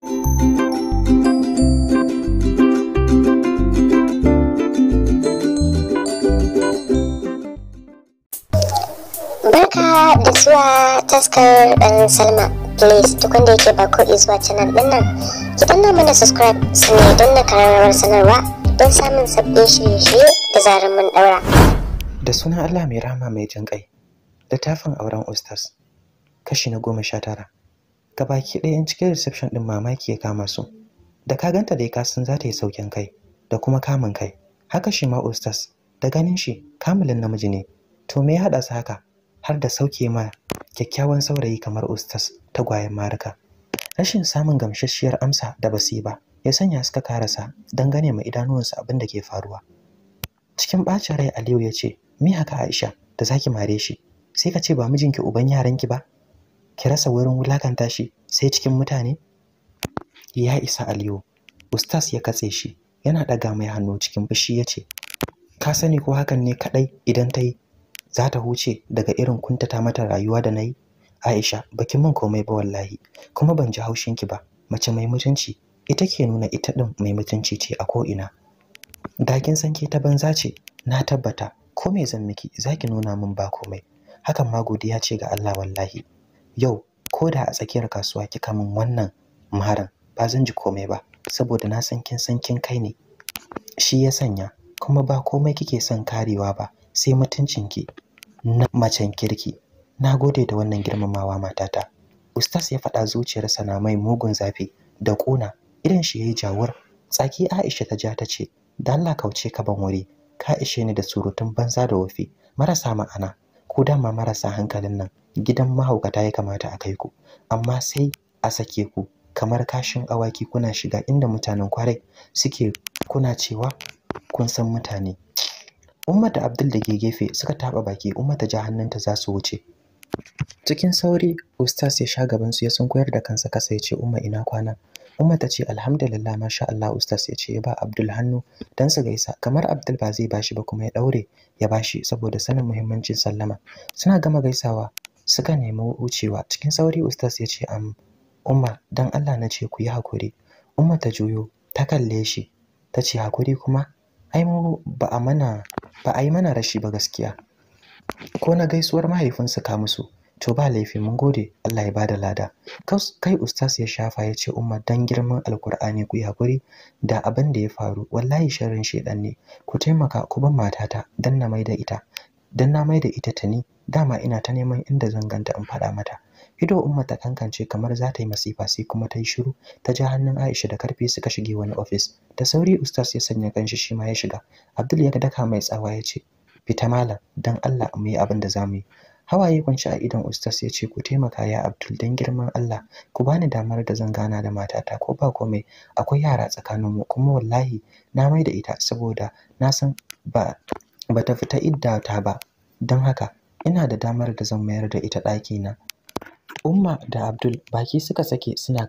Barka da zuwa taskar ɗan Salma. Please duk wanda yake ba ko zuwa canal ɗin nan, ki danna mana subscribe su ne don na kararrawar sanarwa don samun sabbin shirye-shirye da zarar mun ɗaura. Da sunan Allah mai rama mai jin ƙai, littafin auren Ostas, kashi na goma sha tara. baki ɗaya ɗayan cikin reception ɗin mamaki ya kama su da ka ganta da ka san za ta yi saukin kai da kuma kamun kai haka shi ma ostas, da ganin shi kamulin namiji ne to me ya haɗa su haka har da sauke ma kyakkyawan saurayi kamar ostas ta tagwayen marika rashin samun gamsasshiyar amsa da ba ya sanya suka karasa don gane ma idanuwansu abin da ke faruwa cikin ɓacin rai aliyu ya ce me haka aisha da zaki mare shi sai ka ce ba mijinki uban yaranki ba ki rasa wurin wulakanta shi sai cikin mutane ya isa aliyu ustas ya katse shi yana daga mai hannu cikin fushi ya ce ka sani ko hakan ne kadai idan ta yi za ta huce daga irin kuntata mata rayuwa da na yi aisha baki man komai ba wallahi kuma ban ji haushin ki ba mace mai mutunci ita ke nuna ita din mai mutunci ce a ko'ina da kin san ta banza ce na tabbata ko me zan miki zaki nuna min ba komai hakan ma godiya ce ga Allah wallahi yau ko da a tsakiyar kasuwa kika min wannan maharan ba zan ji komai ba saboda na san kin san kin kai ne shi ya sanya kuma ba komai kike son karewa ba sai mutuncin ki. na macen kirki na gode da wannan girmamawa matata ustas ya faɗa zuciyarsa na mai mugun zafi da ƙuna idan shi ya yi jawar tsaki aisha ta ja ta ce da allah kauce ka ban wuri ka ishe ni da surutun banza da wafi marasa ma'ana ku dama marasa hankalin nan gidan mahaukata ya kamata a kai ku amma sai a sake ku kamar kashin awaki kuna shiga inda mutanen kwarai suke kuna cewa kun san mutane ummata abdul da ke gefe suka taba baki ummata ja hannunta za su wuce cikin sauri ustaz ya sha gaban su ya sun koyar da kansa kasa ya ce umma ina kwana Umma ta ce alhamdulillah masha Allah ustaz ya ce ba Abdul hannu dan su gaisa kamar Abdul ba zai bashi ba kuma ya daure ya bashi saboda sanin muhimmancin sallama. Suna gama gaisawa suka nemi wucewa cikin sauri ustaz ya ce am umar dan Allah na ce ku yi hakuri. Umar ta juyo ta kalle shi ta ce hakuri kuma ai mu ba a mana ba a yi mana rashi ba gaskiya. Ko na gaisuwar mahaifinsu ka musu to ba laifi mun gode Allah ya bada lada kai ustaz ya shafa ya ce umma dan girman alkur'ani ku hakuri da abin da ya faru wallahi sharrin shedan ne ku taimaka ku ban matata dan na maida ita dan na maida ita tani dama ina ta neman inda zan ganta in fada mata ido umma ta kankance kamar za ta yi masifa sai kuma ta yi shiru ta ja hannun Aisha da karfi suka shige wani office da sauri ustaz ya sanya kanshi shi ma ya shiga Abdul ya daka mai tsawa ya ce fita malam dan Allah mu yi abin da zamu yi hawaye kwanci a idon ustas ya ce ku taimaka ya abdul don girman allah ku bani damar da zan gana da matata ko ba komai akwai yara tsakanin mu kuma wallahi na mai da ita saboda na san ba ta fita idda ta ba don haka ina da damar da zan mayar da ita ɗaki na Umma da Abdul baki suka sake suna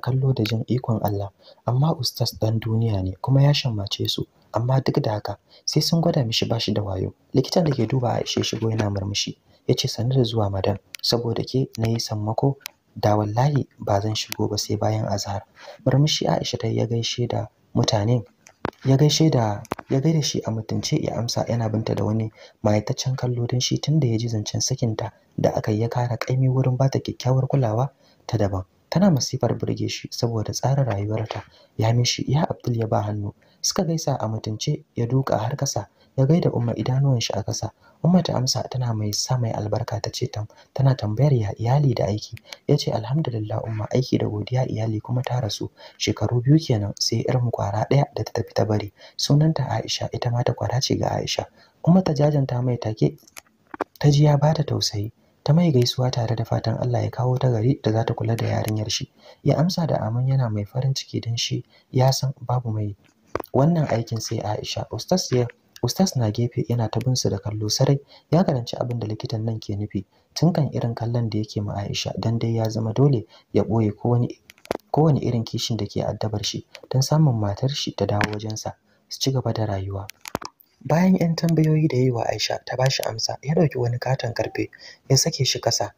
kallo da jin ikon Allah amma ustas ɗan duniya ne kuma ya shammace su amma duk da haka sai sun gwada mishi bashi da wayo likitan da ke duba Aisha shigo yana murmushi ya ce sannu da zuwa Madan", saboda ke na yi sammako da wallahi ba zan shigo ba sai bayan azhar murmushi Aisha ta ya gaishe da mutane ya gaishe da ya gaida shi a mutunce ya amsa yana binta da wani mayataccen kallo don shi tunda ya ji zancen sakinta da aka yi ya kara kaimi wurin ba ta kyakkyawar kulawa ta daban tana masifar burge shi saboda tsara rayuwarta ya mishi ya abdul ya ba hannu suka gaisa a mutunce ya duka har kasa ya gaida umma idanuwan shi a kasa umma ta amsa tana mai sa mai albarka ta ce tana tambayar ya iyali da aiki ya ce alhamdulillah umma aiki da godiya iyali kuma ta rasu shekaru biyu kenan sai irin kwara ɗaya da ta tafi ta bari sunanta Aisha ita ma ta kwara ce ga Aisha umma ta jajanta mai take ta ji ya bata tausayi ta mai gaisuwa tare da fatan Allah ya kawo ta gari da za ta kula da yarinyar shi ya amsa da amin yana mai farin ciki don shi ya san babu mai wannan aikin sai Aisha ustaz ya Ustaz na gefe yana ta bin su da kallo sarai ya karanci abin da likitan nan ke nufi tun kan irin kallon da yake ma Aisha dan dai ya zama dole ya boye kowani kowane irin kishin da ke addabar shi don samun matar shi ta dawo wajensa su ci gaba da rayuwa bayan 'yan tambayoyi da yayi wa aisha ta bashi amsa ya ɗauki wani katon karfe ya sake shi kasa,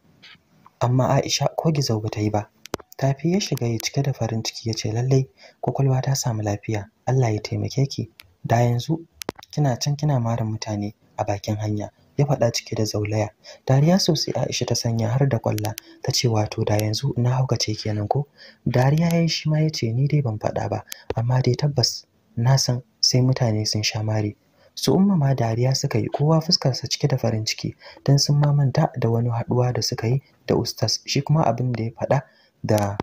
amma aisha ko gizo ba ta yi ba tafi ya shiga ya cike da farin ciki ya ce lallai kwakwalwa ta samu lafiya allah ya taimake ki da yanzu kina can kina mara mutane a bakin hanya ya faɗa cike da zaulaya dariya sosai aisha ta sanya har da kwalla ta ce wato da yanzu na haukace kenan ko dariya ya shi ma ya ce ni dai ban faɗa ba amma dai tabbas na san sai mutane sun sha mari su umma ma dariya suka yi kowa fuskarsa cike da farin ciki don sun mamanta da wani haɗuwa da suka yi da ustas shi kuma abin da ya faɗa da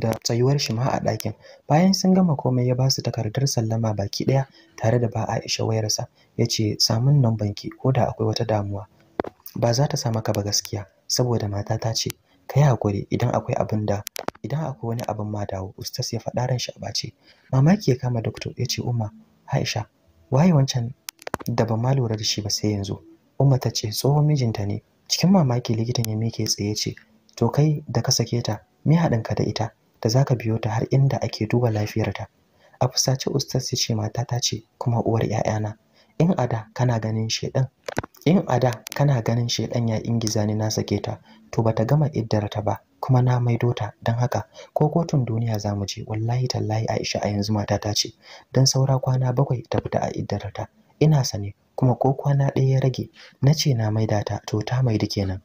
da tsayuwar shi ma a ɗakin bayan sun gama komai ya ba su takardar sallama baki ɗaya tare da ba Aisha wayarsa ya ce samun nan banki ko da akwai wata damuwa ba za ta samu ka ba gaskiya saboda mata ta ce ka yi hakuri idan akwai abin da idan akwai wani abin ma dawo ustas ya faɗa ran shi a ɓace mamaki ya kama doctor ya ce umma Aisha waye wancan da ba ma lura da shi ba sai yanzu umma ta ce tsohon mijinta ne cikin mamaki likitan ya mike tsaye ce to kai da ka sake ta me haɗin ka da ita da za ka biyo ta har inda ake duba lafiyarta a fusace Ustaz ya ce matata ce kuma uwar 'ya'yana in ada kana ganin shedan in ada kana ganin shedan ya ingiza ni na sake ta to bata gama iddar ta ba kuma na maido ta dan haka ko kotun duniya za mu je wallahi tallahi Aisha a yanzu matata ce dan saura kwana bakwai ta fita a iddar ta ina sane kuma ko kwana ɗaya ya rage na ce na maida ta to ta maida kenan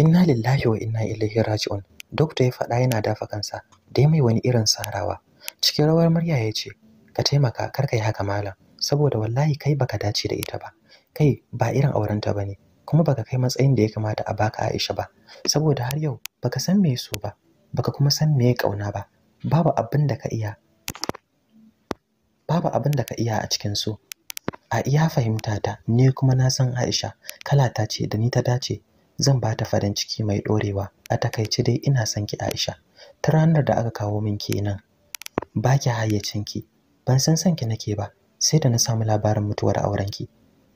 inna lillahi wa inna ilaihi raji'un dokta ya faɗa yana dafa kansa dai mai wani irin sarawa cikin rawar murya ya ce ka taimaka kar ka yi haka malam saboda wallahi kai baka dace da ita ba kai ba irin aurenta bane kuma baka kai matsayin da ya kamata a baka Aisha ba saboda har yau baka san me so ba baka kuma san me kauna ba babu abin da ka iya babu abin da ka iya a cikin su a iya fahimta ta ni kuma na san Aisha kala ta ce da ni ta dace zan ba ta farin ciki mai dorewa a takaice dai ina son ki Aisha ta ranar da aka kawo min kenan ba ki hayyacin ki ban san san ki nake ba sai da na samu labarin mutuwar auren ki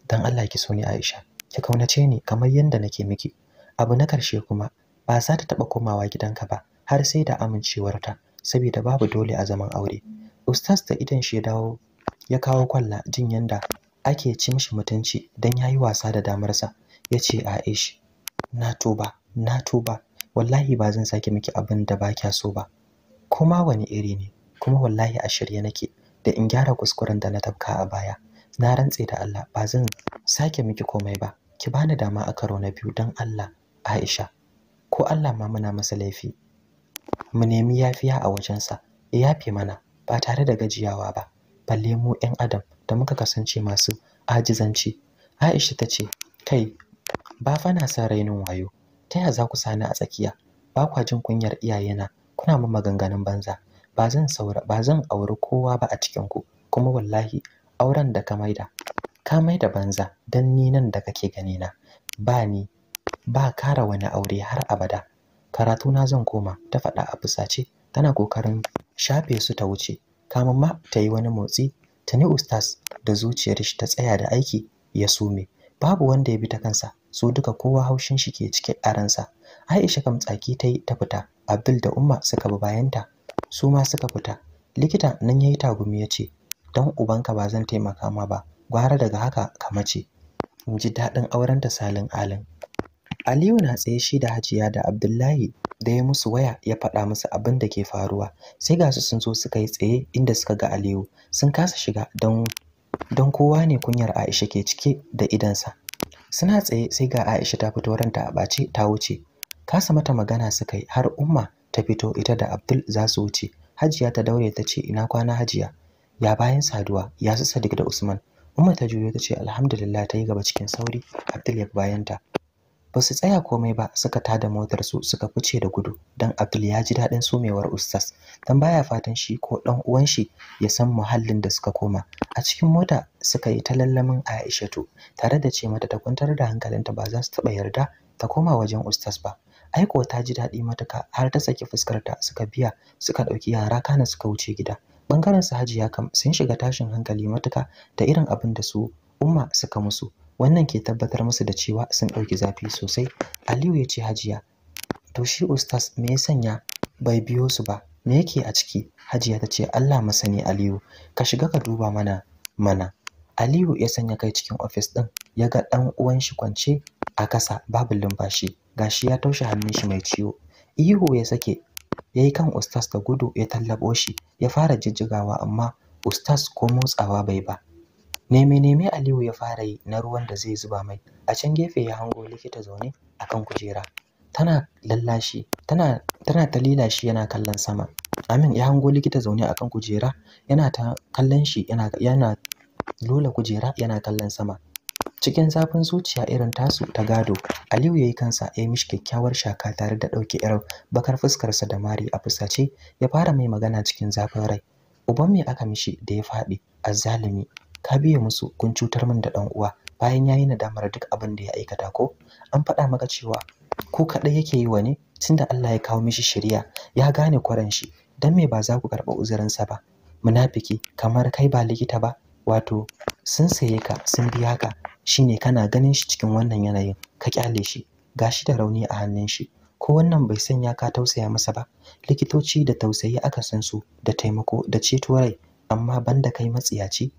dan Allah ki so ni Aisha ki kaunace ni kamar yanda nake miki abu na karshe kuma ba za ta taba komawa gidanka ba har sai da amincewarta saboda babu dole a zaman aure ustaz da idan shi ya dawo ya kawo kwalla jin yanda ake ci mishi mutunci dan yayi wasa da damarsa yace Aisha. na tuba na tuba wallahi ba zan sake miki abin da kya so ba kuma wani iri ne kuma wallahi a shirye nake da in gyara kuskuren da na tafka a baya na rantse da Allah ba zan sake miki komai ba ki bani dama a karo na biyu dan Allah Aisha ko Allah ma muna masa laifi mu nemi yafiya a wajensa ya yafe mana ba tare da gajiyawa ba balle mu ƴan adam da muka kasance masu ajizanci aisha ta ce kai ba fa na son rainin wayo ta ya za ku sani a tsakiya ba kwa jin kunyar iyayena kuna min maganganun banza ba zan saura ba zan auri kowa ba a cikin ku kuma wallahi auren da ka maida ka maida banza dan ni nan da kake gani na ba ni ba kara wani aure har abada karatu na zan koma ta faɗa a fusace tana kokarin shafe su ta wuce kamin ma ta yi wani motsi Tani ustaz da zuciyar shi ta tsaya da aiki ya sume babu wanda ya bi ta kansa su duka kowa haushin shi ke cike a Aisha kam tsaki ta yi ta fita Abdul da Umma suka bi bayanta su ma suka fita likita nan yayi tagumi ya ce dan ubanka ba zan taimaka ma ba gwara daga haka ka mace in ji daɗin ta salin alin Aliyu na tsaye shi da Hajiya da Abdullahi da ya musu waya ya faɗa musu abin da ke faruwa. Sai ga su sun zo suka yi tsaye inda suka ga Aliyu. Sun kasa shiga don don kowa ne kunyar Aisha ke cike da idansa. Suna tsaye sai ga Aisha ta fito ranta a ɓace ta wuce. Kasa mata magana suka yi har Umma ta fito ita da Abdul za su wuce. Hajiya ta daure ta ce ina kwana Hajiya. Ya bayan saduwa ya su Sadiq da Usman. Umma ta juyo ta ce alhamdulillah ta yi gaba cikin sauri Abdul ya bayanta. ba su tsaya komai ba suka tada motar su suka fice da gudu don Abdul ya ji dadin sumewar ustas, dan baya fatan shi ko dan uwan shi ya san muhallin da suka koma a cikin mota suka yi ta lallamin Aishatu tare da ce mata ta kwantar da hankalinta ba za su taba yarda ta koma wajen ustas ba aiko ta ji daɗi matuka har ta saki fuskarta suka biya suka ɗauki yara kana suka wuce gida bangaren su hajiya kam sun shiga tashin hankali matuka da irin abin da su umma suka musu wannan ke tabbatar musu da cewa sun ɗauki zafi sosai aliyu ya ce hajiya to shi ustaz me ya sanya bai biyo su ba me yake a ciki hajiya ta ce allah masani aliyu ka shiga ka duba mana mana aliyu ya sanya kai cikin ofis ɗin ya ga ɗan uwan shi kwance a kasa babu lumfashi gashi ya taushe hannun shi mai ciwo ihu ya sake ya yi kan ustaz da gudu ya tallabo shi ya fara jijjigawa amma ustaz ko motsawa bai ba neme neme aliyu ya fara yi na ruwan da zai zuba mai a can gefe ya hango likita zaune a kan kujera tana lallashi tana tana ta lilashi yana kallon sama amin ya hango likita zaune a kan kujera yana ta kallon shi yana yana lola kujera yana kallon sama cikin zafin zuciya irin tasu ta gado aliyu yayi yi kansa ya mishi kyakkyawar shaka tare da ɗauke irin bakar fuskarsa da mari a fusace ya fara mai magana cikin zafin rai uban mai aka mishi da ya faɗi azzalumi ka biye musu kun cutar min da dan uwa bayan yayi nadamar duk abin da ya aikata ko an faɗa maka cewa ko kaɗai yake yi wa ne tunda Allah ya kawo mishi shari'a ya gane kwaran shi dan me ba za ku karɓa uzurinsa ba munafiki kamar kai ba likita ba wato sun saye ka sun biya ka shine kana ganin shi cikin wannan yanayin ka kyale shi gashi da rauni a hannun shi ko wannan bai sanya ka tausaya masa ba likitoci da tausayi aka san su da taimako da ceto rai amma banda kai matsiyaci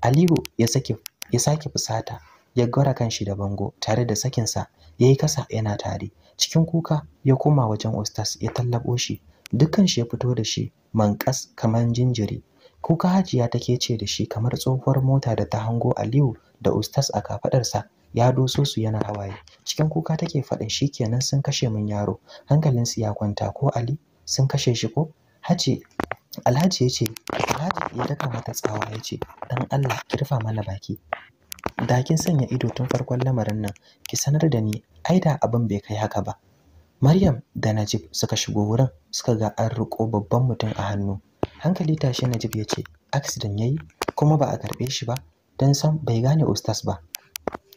Aliyu ya sake ya sake fusata ya gwara kanshi da bango tare da sakin sa yayi kasa yana tare cikin kuka ya koma wajen ustas ya tallabo shi dukkan shi ya fito da shi mankas kamar jinjiri kuka hajiya take ce da shi kamar tsohuwar mota da ta hango aliyu da ustas a sa ya doso su yana hawaye cikin kuka take faɗin kenan sun kashe min yaro hankalinsu ya kwanta ko ali sun kashe shi ko alhaji ya ce ya daka mata tsawa ya ce dan Allah ki rufa mana baki da kin sanya ido tun farkon lamarin nan ki sanar da ni ai da abin bai kai haka ba Maryam da Najib suka shigo wurin suka ga an riko babban mutum a hannu hankali tashi Najib ya ce accident yayi kuma ba a karbe shi ba dan san bai gane ustas ba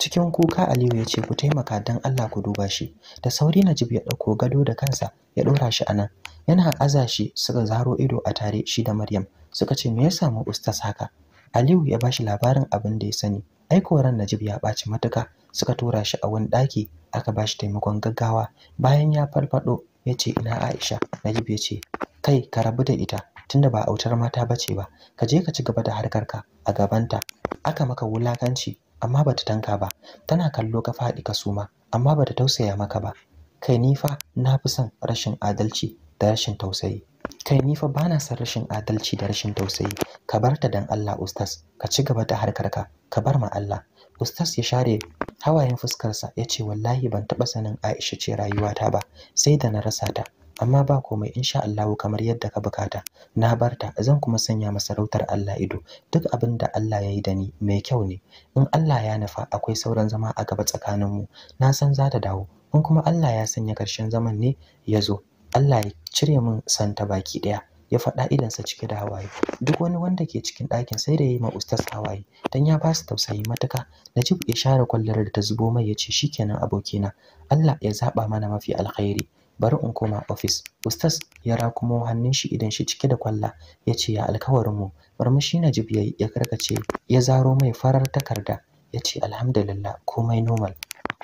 cikin kuka Aliyu ya ce ku taimaka don Allah ku duba shi da sauri Najib ya ɗauko gado da kansa ya ɗora shi anan yana aza suka zaro ido a tare shi da Maryam suka ce me ya samu Ustaz haka Aliyu ya bashi labarin abin da ya sani ko ran Najib ya baci matuka suka tura shi a wani daki, aka bashi taimakon gaggawa bayan ya farfado ya ce ina Aisha Najib ya ce kai ka rabu da ita tunda ba autar mata bace ba ka je ka ci gaba da ka a gabanta aka maka wulakanci amma bata tanka ba tana kallo ka faɗi ka suma amma bata tausaya maka ba kai ni fa na fi son rashin adalci da rashin tausayi kai ni fa bana son rashin adalci da rashin tausayi ka bar ta dan Allah ustaz ka ci gaba da harkarka ka bar ma Allah ustaz ya share hawayen fuskarsa ya ce wallahi ban taɓa sanin Aisha ce rayuwata ba sai da na rasa ta amma ba komai insha Allah kamar yadda ka bukata na barta zan kuma sanya masarautar Allah ido duk abin da Allah ya yi da ni mai kyau ne in Allah ya nufa akwai sauran zama a gaba tsakanin mu na san za ta dawo in kuma Allah ya sanya karshen zaman ne ya zo Allah ya cire min santa baki daya ya faɗa idansa cike da hawaye duk wani wanda ke cikin ɗakin sai da ya yi ma ustas hawaye dan ya ba su tausayi matuka najib ya share kwallar da ta zubo mai ya ce shikenan abokina Allah ya zaba mana mafi alkhairi bari in koma ofis ustas ya rakumo hannun shi idan shi cike da kwalla ya ce ya alkawarin mu marmashi najib yayi ya karkace ya zaro mai farar takarda ya ce alhamdulillah komai normal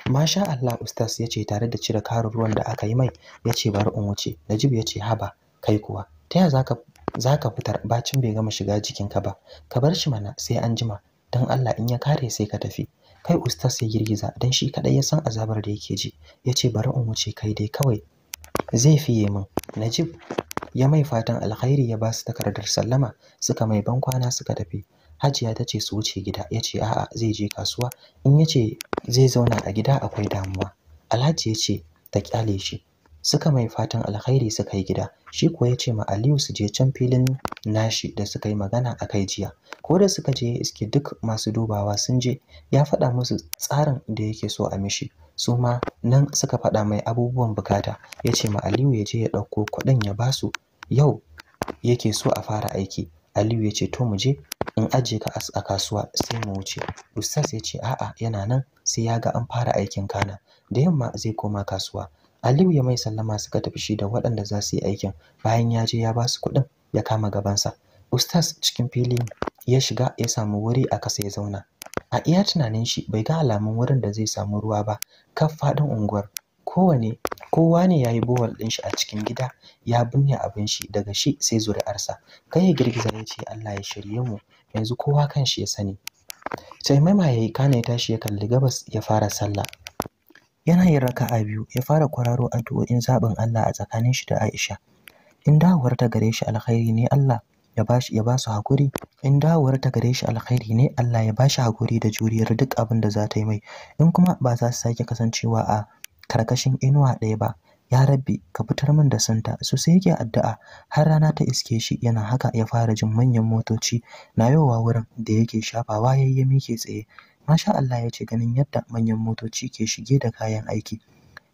masha Allah ustas ya ce tare da cire karin ruwan da aka yi mai ya ce bari in wuce najib ya ce haba kai kuwa ta ya zaka zaka fitar bacin bai gama shiga jikinka ba ka bar shi mana sai an jima don Allah in ya kare sai ka tafi kai ustas ya girgiza dan shi kadai ya san azabar da yake ji yace bari in wuce kai dai kawai zai fiye min najib ya mai fatan alkhairi ya ba su takardar sallama suka mai bankwana suka tafi hajiya ta ce su wuce gida Yace, ce a'a zai je kasuwa in ya ce zai zauna a gida akwai damuwa alhaji ya ce ta kyale shi suka mai fatan alkhairi suka yi gida shi kuwa ya ce ma aliyu su je can filin nashi da suka yi magana a kai jiya ko da suka je iske duk masu dubawa sun je ya faɗa musu tsarin da yake so a mishi su ma nan suka faɗa mai abubuwan bukata ya ce ma aliyu ya je ya ɗauko kuɗin ya basu yau yake so a fara aiki aliyu ya ce to mu je in ajiye ka a kasuwa sai mu wuce ustaz ya ce a'a yana nan sai ya ga an fara aikin kana da yamma zai koma kasuwa aliyu ya mai sallama suka tafi shi da waɗanda za su yi aikin bayan ya je ya basu kuɗin ya kama gabansa ustaz cikin filin ya shiga ya samu wuri a kasa ya zauna a iya tunanin shi bai ga alamun wurin da zai samu ruwa ba kaf faɗin unguwar kowane kowa ne ya yi bohol ɗin shi a cikin gida ya binne abin shi daga shi sai zuri'arsa kai ya girgiza ya ce Allah ya shirye mu yanzu kowa kan shi ya sani taimaima ya yi kana ya tashi ya kalli gabas ya fara sallah yana yin raka'a biyu ya fara kwararo addu'o'in zaɓin Allah a tsakanin shi da Aisha in dawowar ta gare shi alkhairi ne Allah ya bashi ya basu hakuri in dawowar ta gare shi alkhairi ne Allah ya bashi hakuri da juriyar duk abin da za ta yi mai in kuma ba za su sake kasancewa a karkashin inuwa ɗaya ba ya rabbi ka fitar min da santa su sai yake addu'a har rana ta iske shi yana haka ya fara jin manyan motoci na yowa wurin da yake shafawa yayye mike tsaye masha Allah ya ce ganin yadda manyan motoci ke shige da kayan aiki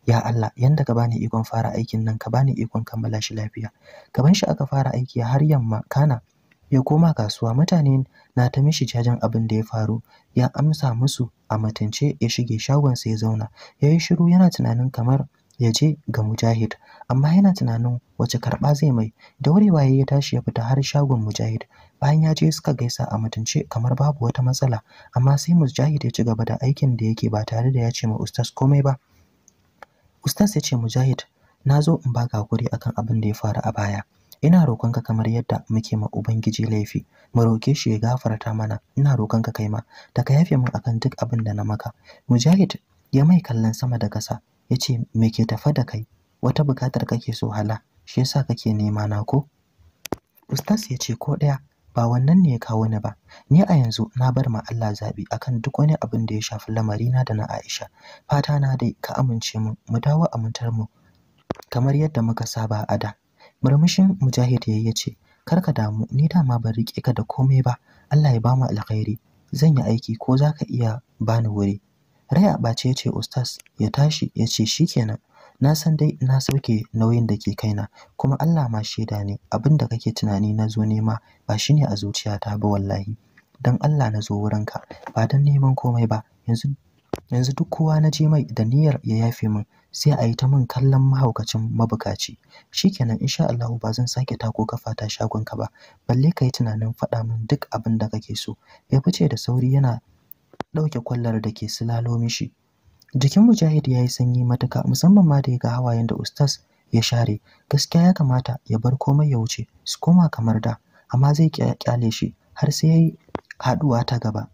ya Allah yanda ka bani ikon fara aikin nan ka bani ikon kammala shi lafiya gaban shi aka fara aiki har yamma kana ya koma kasuwa mutane na ta mishi jajen abin da ya faru ya amsa musu a matance ya shige shagon shagonsa ya zauna ya yi shiru yana tunanin kamar ya je ga mujahid amma yana tunanin wace karɓa zai mai da wurewa ya tashi ya fita har shagon mujahid bayan ya je suka gaisa a matance kamar babu wata matsala amma sai mujahid ya ci gaba da aikin da yake ba tare da ya ce ma ustas komai ba Ustaz ya ce Mujahid, na zo in baka hakuri akan abin da ya faru a baya. Ina roƙonka kamar yadda muke ma Ubangiji laifi, mu roƙe shi ya gafarta mana. Ina roƙonka kai ma, da ka yafe min akan duk abin da na maka. Mujahid ya mai kallon sama da ƙasa, ya ce me ke tafa da kai? Wata buƙatar kake so hala, shi yasa kake nema na ko? Ustaz ya ce ko ɗaya, ba wannan ne ya kawo ni ba ni a yanzu na bar ma Allah zabi akan duk wani abin da ya shafi lamarina da na Aisha fata na dai ka amince mu mu dawo amintar mu kamar yadda muka saba a da murmushin mujahid yayi yace kar ka damu ni dama ban rike ka da komai ba Allah ya bamu alkhairi zan yi aiki ko zaka iya bani wuri Raya ɓace ce Ustaz ya tashi ya ce shikenan na san dai na sauke nauyin da ke kaina kuma Allah ma shaida ne abin da kake tunani na zo nema ba shine a zuciyata ba wallahi dan Allah na zo wurinka ba dan neman komai ba yanzu yanzu duk kowa na je mai da niyyar ya yafe min sai a yi ta min kallon mahaukacin mabukaci shikenan insha Allah ba zan sake tako kafa ta shagonka ba balle kai tunanin faɗa min duk abin da kake so ya fice da sauri yana ɗauke kwallar da ke silalo mishi Jikin Mujahid ya yi sanyi matuka musamman ma da ya ga hawayen da ustas ya share. Gaskiya ya kamata ya bar komai ya wuce su koma kamar da, amma zai kyale shi har sai ya yi haɗuwa ta gaba.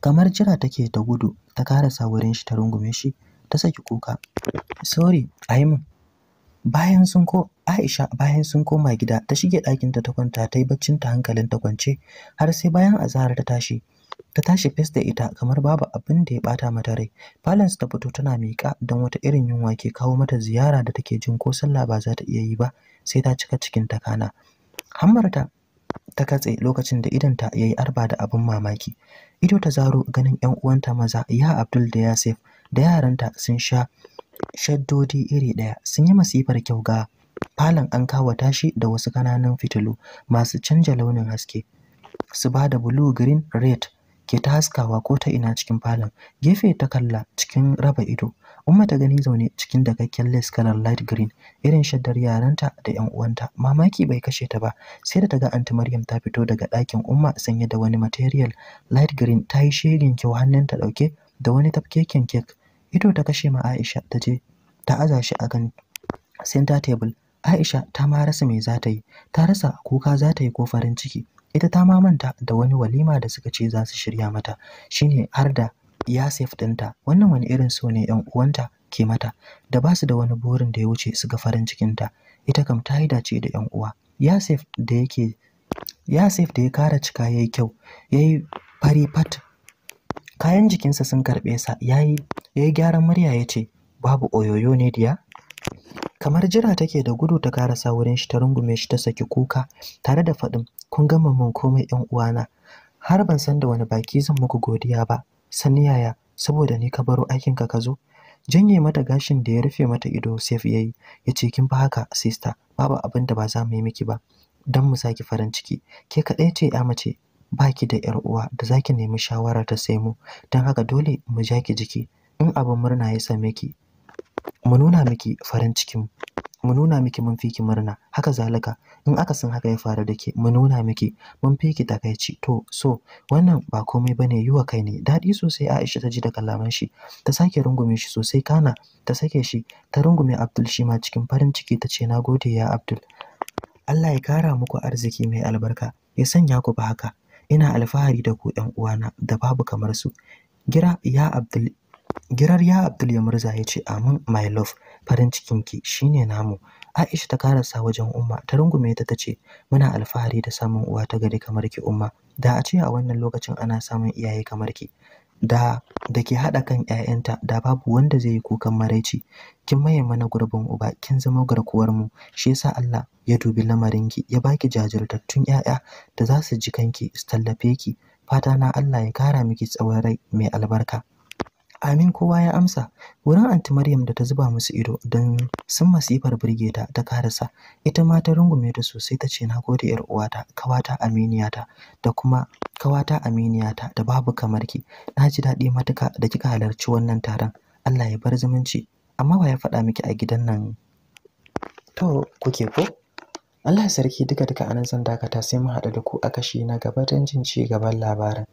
Kamar jira take ta gudu ta karasa wurin shi ta rungume shi ta saki kuka. Sorry, Aiman. Bayan sun ko Aisha bayan sun koma gida ta shige ɗakinta ta kwanta ta yi ta hankalin ta kwance har sai bayan azahar ta tashi ta tashi fes da ita kamar babu abin da ya bata mata rai balance ta fito tana miƙa don wata irin yunwa ke kawo mata ziyara da take jin ko sallah ba za ta iya yi ba sai ta cika cikin takana. kana hammarta ta katse lokacin da idonta ya yi arba da abin mamaki ido ta zaro ganin yan uwanta maza ya abdul da yasif da yaranta sun sha shaddodi iri ɗaya sun yi masifar kyau ga falon an kawo tashi da wasu kananan fitilu masu canja launin haske su ba da blue green red ke ta haskawa ko ta ina cikin falon gefe ta kalla cikin raba ido umma ta gani zaune cikin dagakken lace kalar light green irin shaddar yaranta da yan uwanta mamaki bai kashe ta ba sai da ta ga anti maryam ta fito daga ɗakin umma sanye da wani material light green ta yi shegin kyau hannunta ɗauke da wani tafkeken kek ido ta kashe ma aisha ta je ta aza shi kan center table Aisha ta ma rasa me za ta yi, ta rasa kuka za ta yi ko farin ciki, ita ta ma manta da wani walima da suka ce za su shirya mata shine har da yasef ɗinta wannan wani irin so ne yan uwanta ke mata da ba su da wani burin da ya wuce su ga farin cikinta ita kam ta yi dace da yan uwa yasef da yake yasef da ya kara cika ya yi kyau ya yi fari fat kayan jikinsa sun karɓe sa ya yi gyaran murya ya ce babu oyoyo ne diya kamar jira take da gudu ta karasa wurin shi ta rungume shi ta saki kuka tare da faɗin kun gama min komai ƴan uwana har ban san da wani baki zan muku godiya ba sani yaya saboda ni ka baro aikin ka ka zo janye mata gashin da ya rufe mata ido safe yayi yace kin fa haka sister babu abin da ba za mu yi miki ba dan mu saki farin ciki ke kadai ce ya mace baki da yar uwa da zaki nemi shawara ta sai mu dan haka dole mu ja ki jiki in abin murna ya same ki mu nuna miki farin cikin mu nuna miki mun fi ki murna haka zalika in aka san haka ya faru da ke mu nuna miki mun fi ki takaici to so wannan ba komai bane yi wa kai ne daɗi sosai Aisha ta ji da kalaman shi ta sake rungume shi sosai kana ta sake shi ta rungume Abdul shi ma cikin farin ciki ta ce nagode ya Abdul Allah ya kara muku arziki mai albarka ya sanya ku ba haka ina alfahari da ku ƴan uwana da babu kamar su gira ya Abdul Girarya Abdul ya murza ya ce, Amin, my love, farin cikinki shi ne namu. Aisha ta karasa wajen Umma, ta rungume ta ta ce, Muna alfahari da samun uwa ta gari kamar ki Umma, da a ce a wannan lokacin ana samun iyaye kamar ki. Da da ke haɗa kan 'ya'yanta da babu wanda zai yi kukan maraici. Kin maye mana gurbin uba, kin zama garkuwar mu, shi yasa Allah ya dubi lamarinki, ya baki jajirtattun 'ya'ya da za su ji kanki, su tallafe ki. Fata na Allah ya kara miki tsawon rai mai albarka. Amin kowa ya amsa. Wurin Anti Maryam da ta zuba musu ido don sun masifar birge ta ta karasa. Ita ma ta rungume ta sosai ta ce na gode yar uwata, kawata aminiyata da kuma kawata aminiyata da babu kamar ki. Na ji daɗi matuka da kika halarci wannan taron. Allah ya bar zumunci. Amma wa ya faɗa miki a gidan nan? To kuke ko? Allah sarki duka duka anan zan dakata sai mu haɗu da ku a kashi na gaba don jin ci gaban labarin.